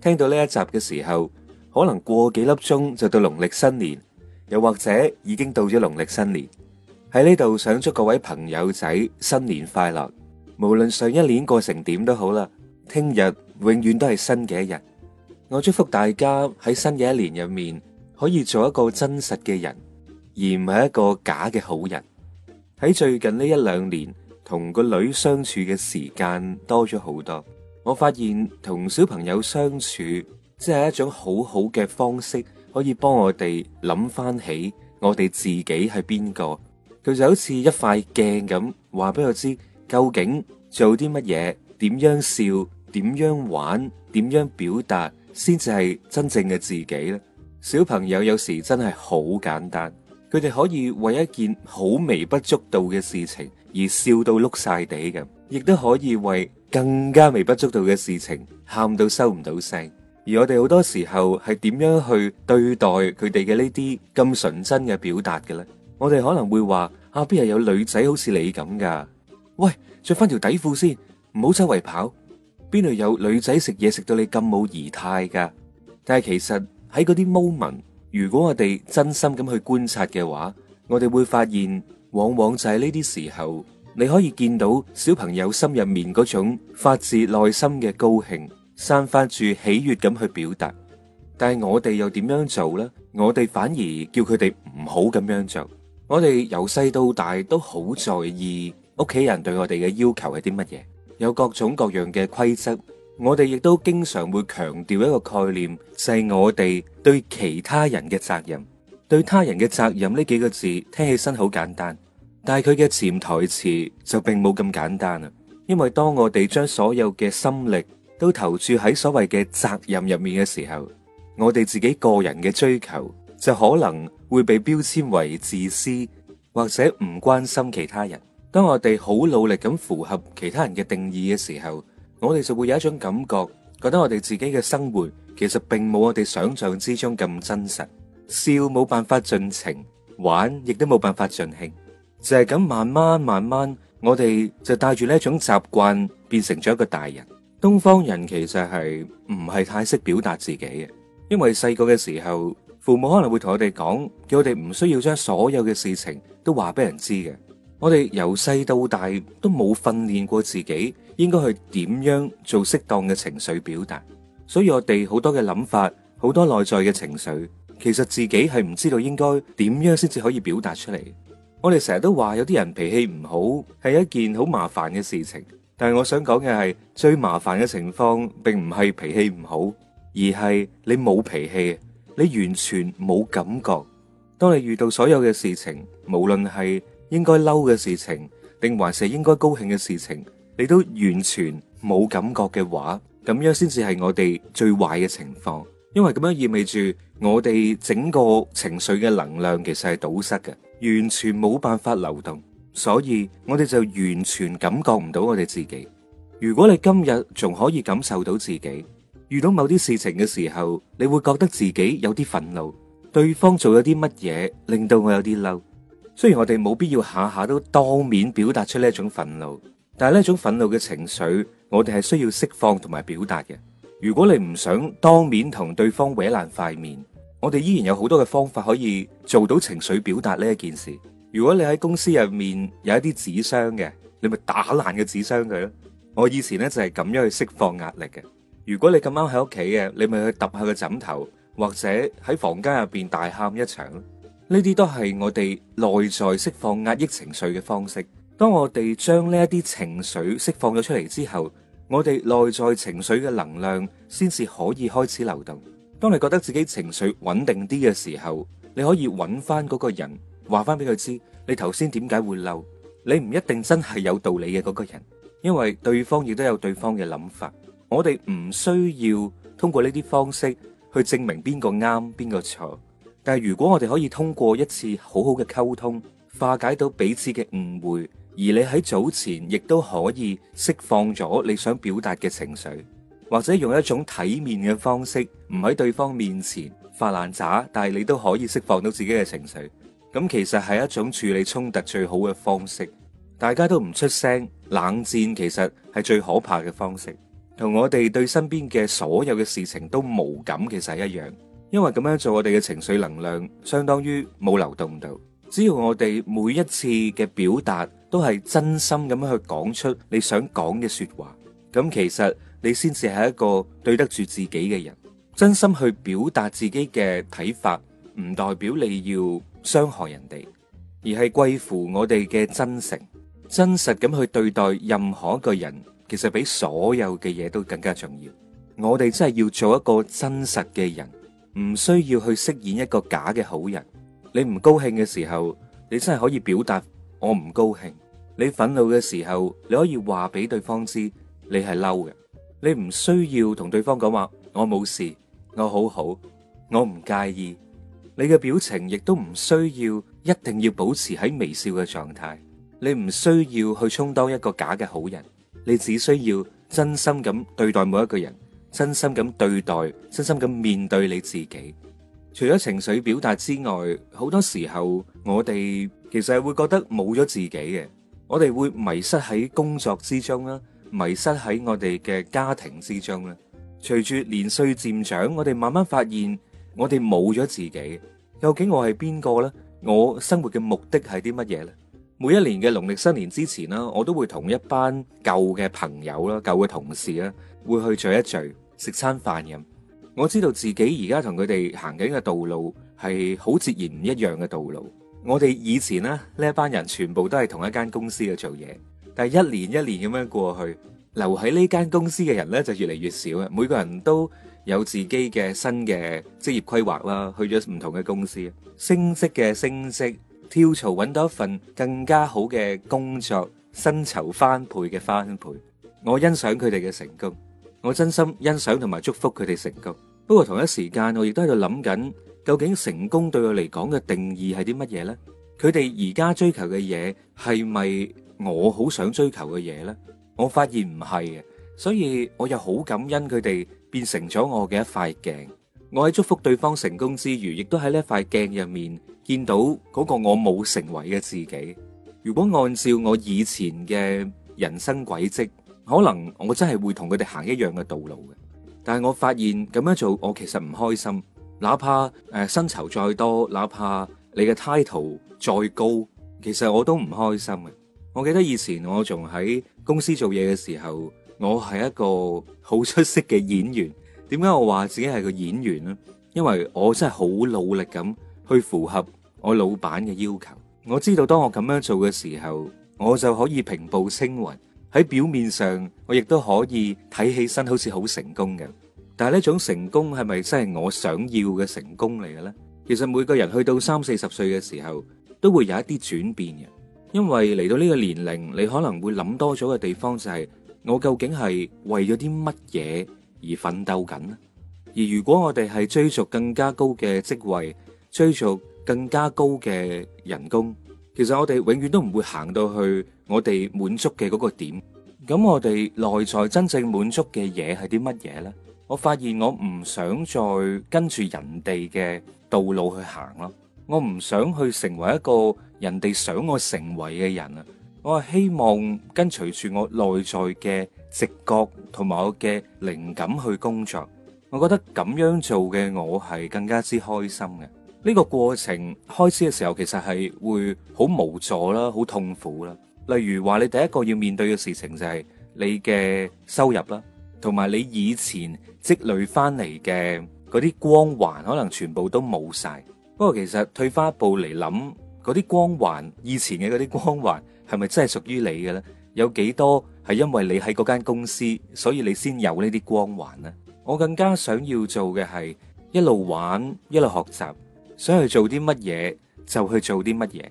聽到呢一集嘅時候，可能過幾粒鐘就到農曆新年，又或者已經到咗農曆新年，喺呢度想祝各位朋友仔新年快樂。無論上一年過成點都好啦，聽日永遠都係新嘅一日。我祝福大家喺新嘅一年入面，可以做一個真實嘅人，而唔係一個假嘅好人。喺最近呢一兩年，同個女相處嘅時間多咗好多。我發現同小朋友相處，即係一種好好嘅方式，可以幫我哋諗翻起我哋自己係邊個。佢就好似一塊鏡咁，話俾我知究竟做啲乜嘢，點樣笑，點樣玩，點樣表達，先至係真正嘅自己咧。小朋友有時真係好簡單，佢哋可以為一件好微不足道嘅事情而笑到碌晒地咁，亦都可以為，更加微不足道嘅事情，喊到收唔到聲。而我哋好多時候係點樣去對待佢哋嘅呢啲咁純真嘅表達嘅咧？我哋可能會話：啊，邊係有女仔好似你咁噶？喂，着翻條底褲先，唔好周圍跑。邊度有女仔食嘢食到你咁冇儀態噶？但係其實喺嗰啲 moment，如果我哋真心咁去觀察嘅話，我哋會發現，往往就係呢啲時候。你可以見到小朋友心入面嗰種發自內心嘅高興，散發住喜悅咁去表達。但係我哋又點樣做呢？我哋反而叫佢哋唔好咁樣做。我哋由細到大都好在意屋企人對我哋嘅要求係啲乜嘢，有各種各樣嘅規則。我哋亦都經常會強調一個概念，就係我哋對其他人嘅責任，對他人嘅責任呢幾個字聽起身好簡單。但係佢嘅潛台詞就並冇咁簡單啊。因為當我哋將所有嘅心力都投注喺所謂嘅責任入面嘅時候，我哋自己個人嘅追求就可能會被標籤為自私或者唔關心其他人。當我哋好努力咁符合其他人嘅定義嘅時候，我哋就會有一種感覺，覺得我哋自己嘅生活其實並冇我哋想象之中咁真實。笑冇辦法盡情，玩亦都冇辦法盡興。就係咁慢慢慢慢，我哋就帶住呢一種習慣，變成咗一個大人。東方人其實係唔係太識表達自己嘅，因為細個嘅時候，父母可能會同我哋講，叫我哋唔需要將所有嘅事情都話俾人知嘅。我哋由細到大都冇訓練過自己應該去點樣做適當嘅情緒表達，所以我哋好多嘅諗法，好多內在嘅情緒，其實自己係唔知道應該點樣先至可以表達出嚟。我哋成日都話有啲人脾氣唔好係一件好麻煩嘅事情，但係我想講嘅係最麻煩嘅情況，並唔係脾氣唔好，而係你冇脾氣，你完全冇感覺。當你遇到所有嘅事情，無論係應該嬲嘅事情，定還是應該高興嘅事情，你都完全冇感覺嘅話，咁樣先至係我哋最壞嘅情況，因為咁樣意味住我哋整個情緒嘅能量其實係堵塞嘅。完全冇辦法流動，所以我哋就完全感覺唔到我哋自己。如果你今日仲可以感受到自己，遇到某啲事情嘅時候，你會覺得自己有啲憤怒，對方做咗啲乜嘢令到我有啲嬲。雖然我哋冇必要下下都當面表達出呢種憤怒，但係呢種憤怒嘅情緒，我哋係需要釋放同埋表達嘅。如果你唔想當面同對方搲爛塊面。我哋依然有好多嘅方法可以做到情緒表達呢一件事。如果你喺公司入面有一啲紙箱嘅，你咪打爛個紙箱佢咯。我以前呢，就係咁樣去釋放壓力嘅。如果你咁啱喺屋企嘅，你咪去揼下個枕頭，或者喺房間入邊大喊一場。呢啲都係我哋內在釋放壓抑情緒嘅方式。當我哋將呢一啲情緒釋放咗出嚟之後，我哋內在情緒嘅能量先至可以開始流動。當你覺得自己情緒穩定啲嘅時候，你可以揾翻嗰個人，話翻俾佢知你頭先點解會嬲。你唔一定真係有道理嘅嗰個人，因為對方亦都有對方嘅諗法。我哋唔需要通過呢啲方式去證明邊個啱，邊個錯。但係如果我哋可以通過一次好好嘅溝通，化解到彼此嘅誤會，而你喺早前亦都可以釋放咗你想表達嘅情緒。或者用一種體面嘅方式，唔喺對方面前發爛渣，但係你都可以釋放到自己嘅情緒。咁其實係一種處理衝突最好嘅方式。大家都唔出聲，冷戰其實係最可怕嘅方式，同我哋對身邊嘅所有嘅事情都冇感，其實係一樣。因為咁樣做，我哋嘅情緒能量相當於冇流動到。只要我哋每一次嘅表達都係真心咁樣去講出你想講嘅說話，咁其實。你先至係一個對得住自己嘅人。真心去表達自己嘅睇法，唔代表你要傷害人哋。而係貴乎我哋嘅真誠。真實咁去對待任何一個人，其實比所有嘅嘢都更加重要。我哋真係要做一個真實嘅人，唔需要去飾演一個假嘅好人。你唔高興嘅時候，你真係可以表達我唔高興。你憤怒嘅時候，你可以話俾對方知你係嬲嘅。你唔需要同對方講話，我冇事，我好好，我唔介意。你嘅表情亦都唔需要一定要保持喺微笑嘅狀態。你唔需要去充當一個假嘅好人，你只需要真心咁對待每一個人，真心咁對待，真心咁面對你自己。除咗情緒表達之外，好多時候我哋其實係會覺得冇咗自己嘅，我哋會迷失喺工作之中啦。迷失喺我哋嘅家庭之中咧，隨住年歲漸長，我哋慢慢發現我哋冇咗自己。究竟我係邊個呢？我生活嘅目的係啲乜嘢呢？每一年嘅農曆新年之前啦，我都會同一班舊嘅朋友啦、舊嘅同事啦，會去聚一聚，食餐飯咁。我知道自己而家同佢哋行緊嘅道路係好截然唔一樣嘅道路。我哋以前咧，呢一班人全部都係同一間公司去做嘢。係一年一年咁樣過去，留喺呢間公司嘅人呢就越嚟越少啊。每個人都有自己嘅新嘅職業規劃啦，去咗唔同嘅公司，升職嘅升職，跳槽揾到一份更加好嘅工作，薪酬翻倍嘅翻倍。我欣賞佢哋嘅成功，我真心欣賞同埋祝福佢哋成功。不過同一時間，我亦都喺度諗緊，究竟成功對我嚟講嘅定義係啲乜嘢呢？佢哋而家追求嘅嘢係咪？我好想追求嘅嘢呢，我發現唔係嘅，所以我又好感恩佢哋變成咗我嘅一塊鏡。我喺祝福對方成功之餘，亦都喺呢一塊鏡入面見到嗰個我冇成為嘅自己。如果按照我以前嘅人生軌跡，可能我真係會同佢哋行一樣嘅道路嘅。但係我發現咁樣做，我其實唔開心。哪怕誒薪酬再多，哪怕你嘅 title 再高，其實我都唔開心嘅。我記得以前我仲喺公司做嘢嘅時候，我係一個好出色嘅演員。點解我話自己係個演員咧？因為我真係好努力咁去符合我老闆嘅要求。我知道當我咁樣做嘅時候，我就可以平步青雲。喺表面上，我亦都可以睇起身好似好成功嘅。但係呢種成功係咪真係我想要嘅成功嚟嘅咧？其實每個人去到三四十歲嘅時候，都會有一啲轉變嘅。因為嚟到呢個年齡，你可能會諗多咗嘅地方就係我究竟係為咗啲乜嘢而奮鬥緊呢？而如果我哋係追逐更加高嘅職位，追逐更加高嘅人工，其實我哋永遠都唔會行到去我哋滿足嘅嗰個點。咁我哋內在真正滿足嘅嘢係啲乜嘢呢？我發現我唔想再跟住人哋嘅道路去行咯。我唔想去成為一個人哋想我成為嘅人啊。我係希望跟隨住我內在嘅直覺同埋我嘅靈感去工作。我覺得咁樣做嘅我係更加之開心嘅。呢個過程開始嘅時候，其實係會好無助啦，好痛苦啦。例如話，你第一個要面對嘅事情就係你嘅收入啦，同埋你以前積累翻嚟嘅嗰啲光環，可能全部都冇晒。不過其實退翻一步嚟諗，嗰啲光環，以前嘅嗰啲光環係咪真係屬於你嘅咧？有幾多係因為你喺嗰間公司，所以你先有呢啲光環呢？我更加想要做嘅係一路玩一路學習，想去做啲乜嘢就去做啲乜嘢。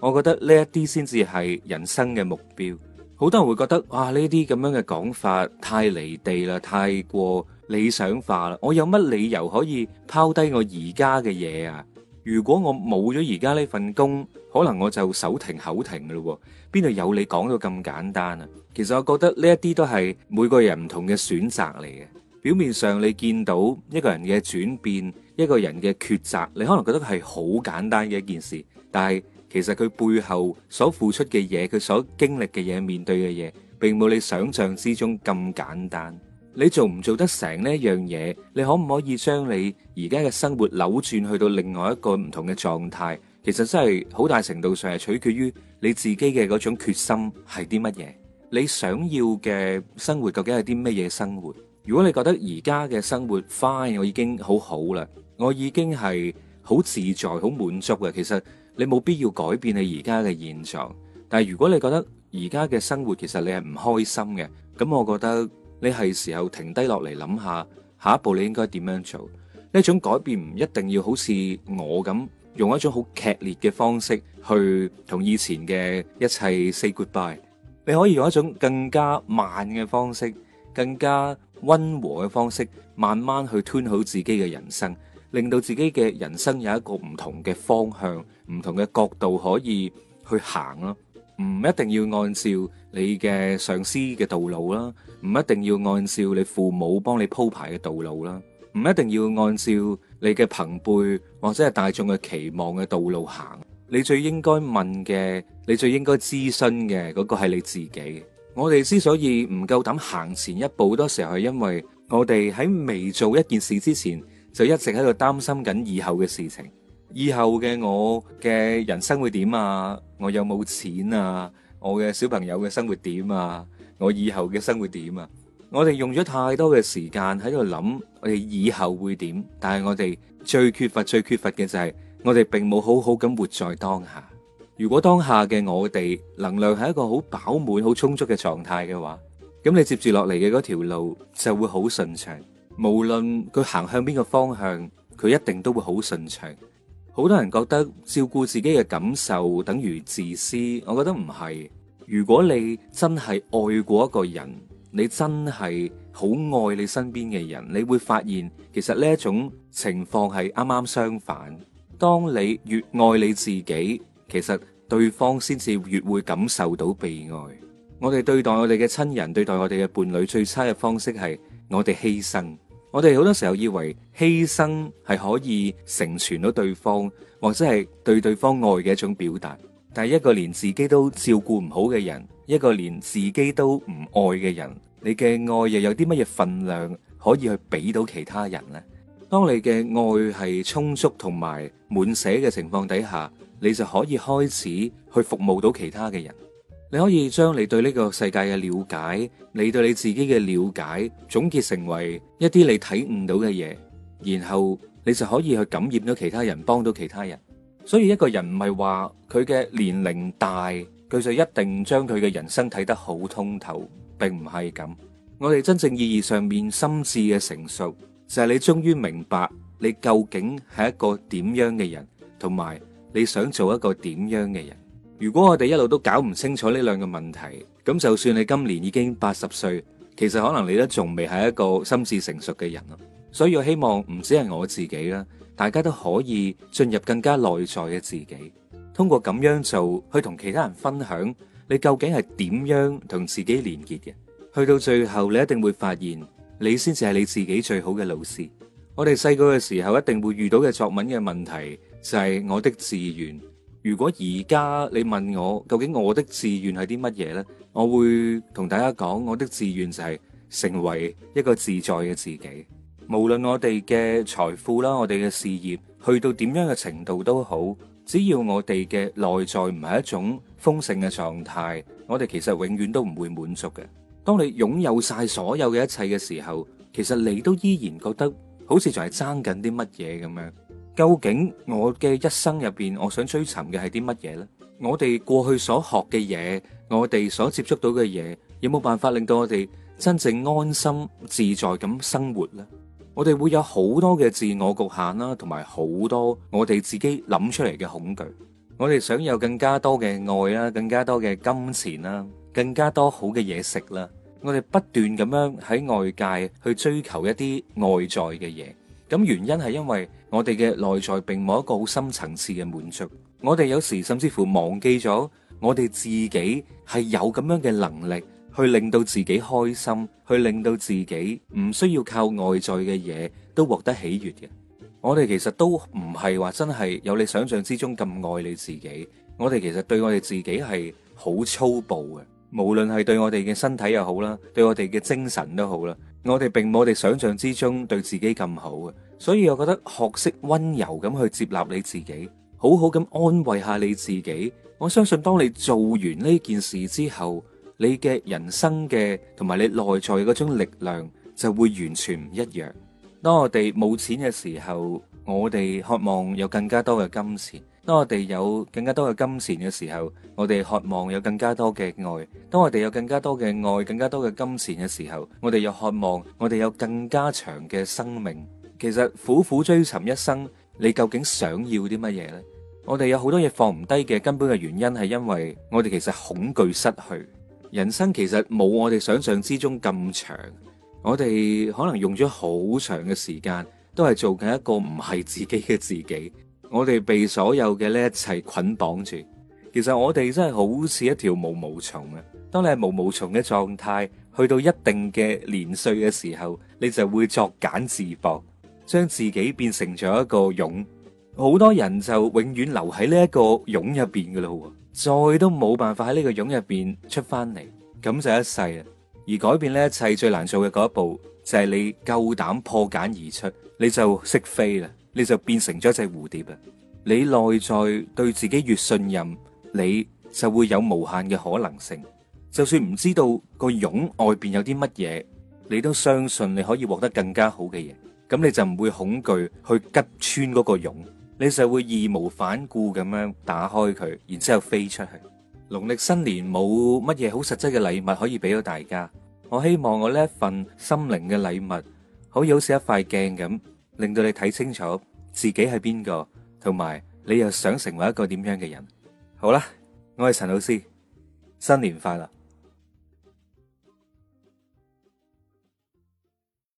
我覺得呢一啲先至係人生嘅目標。好多人會覺得，哇，呢啲咁樣嘅講法太離地啦，太過理想化啦。我有乜理由可以拋低我而家嘅嘢啊？如果我冇咗而家呢份工，可能我就手停口停噶咯，邊度有你講到咁簡單啊？其實我覺得呢一啲都係每個人唔同嘅選擇嚟嘅。表面上你見到一個人嘅轉變，一個人嘅抉擇，你可能覺得佢係好簡單嘅一件事，但係其實佢背後所付出嘅嘢，佢所經歷嘅嘢，面對嘅嘢，並冇你想象之中咁簡單。你做唔做得成呢一樣嘢？你可唔可以將你而家嘅生活扭轉去到另外一個唔同嘅狀態？其實真係好大程度上係取決於你自己嘅嗰種決心係啲乜嘢？你想要嘅生活究竟係啲乜嘢生活？如果你覺得而家嘅生活 fine，我已經好好啦，我已經係好自在、好滿足嘅。其實你冇必要改變你而家嘅現狀。但係如果你覺得而家嘅生活其實你係唔開心嘅，咁我覺得。你係時候停低落嚟諗下想想下一步，你應該點樣做？呢一種改變唔一定要好似我咁用一種好劇烈嘅方式去同以前嘅一切 say goodbye。你可以用一種更加慢嘅方式，更加溫和嘅方式，慢慢去吞好自己嘅人生，令到自己嘅人生有一個唔同嘅方向、唔同嘅角度可以去行囉。唔一定要按照你嘅上司嘅道路啦，唔一定要按照你父母幫你鋪排嘅道路啦，唔一定要按照你嘅朋輩或者係大眾嘅期望嘅道路行。你最應該問嘅，你最應該諮詢嘅嗰個係你自己。我哋之所以唔夠膽行前一步，多時候係因為我哋喺未做一件事之前，就一直喺度擔心緊以後嘅事情。以後嘅我嘅人生會點啊？我有冇錢啊？我嘅小朋友嘅生活點啊，我以後嘅生活點啊，我哋用咗太多嘅時間喺度諗我哋以後會點，但係我哋最缺乏、最缺乏嘅就係我哋並冇好好咁活在當下。如果當下嘅我哋能量係一個好飽滿、好充足嘅狀態嘅話，咁你接住落嚟嘅嗰條路就會好順暢。無論佢行向邊個方向，佢一定都會好順暢。好多人覺得照顧自己嘅感受等於自私，我覺得唔係。如果你真係愛過一個人，你真係好愛你身邊嘅人，你會發現其實呢一種情況係啱啱相反。當你越愛你自己，其實對方先至越會感受到被愛。我哋對待我哋嘅親人，對待我哋嘅伴侶，最差嘅方式係我哋犧牲。我哋好多時候以為犧牲係可以成全到對方，或者係對對方愛嘅一種表達。但係一個連自己都照顧唔好嘅人，一個連自己都唔愛嘅人，你嘅愛又有啲乜嘢分量可以去俾到其他人呢？當你嘅愛係充足同埋滿寫嘅情況底下，你就可以開始去服務到其他嘅人。你可以將你對呢個世界嘅了解，你對你自己嘅了解，總結成為一啲你睇唔到嘅嘢，然後你就可以去感染到其他人，幫到其他人。所以一個人唔係話佢嘅年齡大，佢就一定將佢嘅人生睇得好通透，並唔係咁。我哋真正意義上面心智嘅成熟，就係你終於明白你究竟係一個點樣嘅人，同埋你想做一個點樣嘅人。如果我哋一路都搞唔清楚呢兩個問題，咁就算你今年已經八十歲，其實可能你都仲未係一個心智成熟嘅人咯。所以我希望唔止係我自己啦，大家都可以進入更加內在嘅自己，通過咁樣做去同其他人分享你究竟係點樣同自己連結嘅。去到最後，你一定會發現你先至係你自己最好嘅老師。我哋細個嘅時候一定會遇到嘅作文嘅問題就係我的志願。如果而家你問我究竟我的志願係啲乜嘢呢？我會同大家講，我的志願就係成為一個自在嘅自己。無論我哋嘅財富啦，我哋嘅事業去到點樣嘅程度都好，只要我哋嘅內在唔係一種豐盛嘅狀態，我哋其實永遠都唔會滿足嘅。當你擁有晒所有嘅一切嘅時候，其實你都依然覺得好似仲係爭緊啲乜嘢咁樣。究竟我嘅一生入邊，我想追尋嘅係啲乜嘢咧？我哋過去所學嘅嘢，我哋所接觸到嘅嘢，有冇辦法令到我哋真正安心自在咁生活咧？我哋會有好多嘅自我局限啦，同埋好多我哋自己諗出嚟嘅恐懼。我哋想有更加多嘅愛啦，更加多嘅金錢啦，更加多好嘅嘢食啦。我哋不斷咁樣喺外界去追求一啲外在嘅嘢。咁原因係因為我哋嘅內在並冇一個好深層次嘅滿足，我哋有時甚至乎忘記咗我哋自己係有咁樣嘅能力去令到自己開心，去令到自己唔需要靠外在嘅嘢都獲得喜悅嘅。我哋其實都唔係話真係有你想像之中咁愛你自己，我哋其實對我哋自己係好粗暴嘅，無論係對我哋嘅身體又好啦，對我哋嘅精神都好啦。我哋並冇我哋想象之中對自己咁好啊，所以我覺得學識溫柔咁去接納你自己，好好咁安慰下你自己。我相信當你做完呢件事之後，你嘅人生嘅同埋你內在嘅嗰種力量就會完全唔一樣。當我哋冇錢嘅時候，我哋渴望有更加多嘅金錢。當我哋有更加多嘅金錢嘅時候，我哋渴望有更加多嘅愛。當我哋有更加多嘅愛、更加多嘅金錢嘅時候，我哋又渴望我哋有更加長嘅生命。其實苦苦追尋一生，你究竟想要啲乜嘢呢？我哋有好多嘢放唔低嘅，根本嘅原因係因為我哋其實恐懼失去。人生其實冇我哋想象之中咁長，我哋可能用咗好長嘅時間，都係做緊一個唔係自己嘅自己。我哋被所有嘅呢一切捆綁住，其實我哋真係好似一條毛毛蟲啊！當你係毛毛蟲嘅狀態，去到一定嘅年歲嘅時候，你就會作繭自縛，將自己變成咗一個蛹。好多人就永遠留喺呢一個蛹入邊噶啦，再都冇辦法喺呢個蛹入邊出翻嚟，咁就一世啊！而改變呢一切最難做嘅嗰一步，就係你夠膽破繭而出，你就識飛啦。你就變成咗一隻蝴蝶啊！你內在對自己越信任，你就會有無限嘅可能性。就算唔知道個蛹外邊有啲乜嘢，你都相信你可以獲得更加好嘅嘢。咁你就唔會恐懼去吉穿嗰個蛹，你就會義無反顧咁樣打開佢，然之後飛出去。農曆新年冇乜嘢好實質嘅禮物可以俾到大家，我希望我呢一份心靈嘅禮物，可以好似一塊鏡咁，令到你睇清楚自己係邊個，同埋你又想成為一個點樣嘅人？好啦，我係陳老師，新年快樂！